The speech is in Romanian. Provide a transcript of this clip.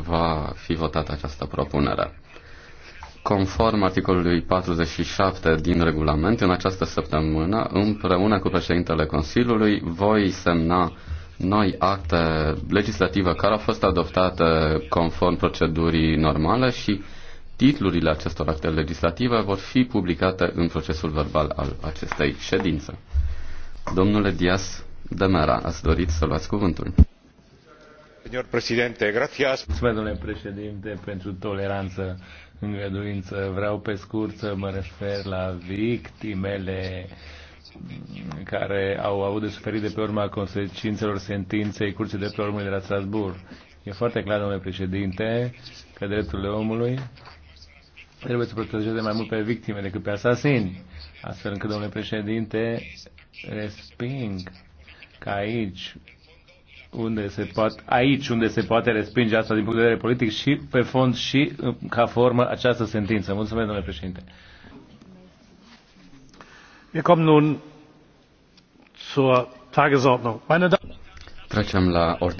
va fi votată această propunere. Conform articolului 47 din regulament, în această săptămână, împreună cu președintele Consiliului, voi semna noi acte legislative care au fost adoptate conform procedurii normale și titlurile acestor acte legislative vor fi publicate în procesul verbal al acestei ședințe. Domnule Dias Demera, ați dorit să luați cuvântul. Mulțumesc, domnule președinte, pentru toleranță, îngăduință. Vreau pe scurt să mă refer la victimele care au avut de suferit de pe urma consecințelor sentinței Curții Drepturilor Omului de la Strasbourg. E foarte clar, domnule președinte, că drepturile omului trebuie să protejeze mai mult pe victime decât pe asasini. Astfel încât, domnule președinte, resping că aici unde se poate, aici unde se poate respinge asta din punct de vedere politic și pe fond și uh, ca formă această sentință. Mulțumesc, domnule președinte. Trecem la ordine.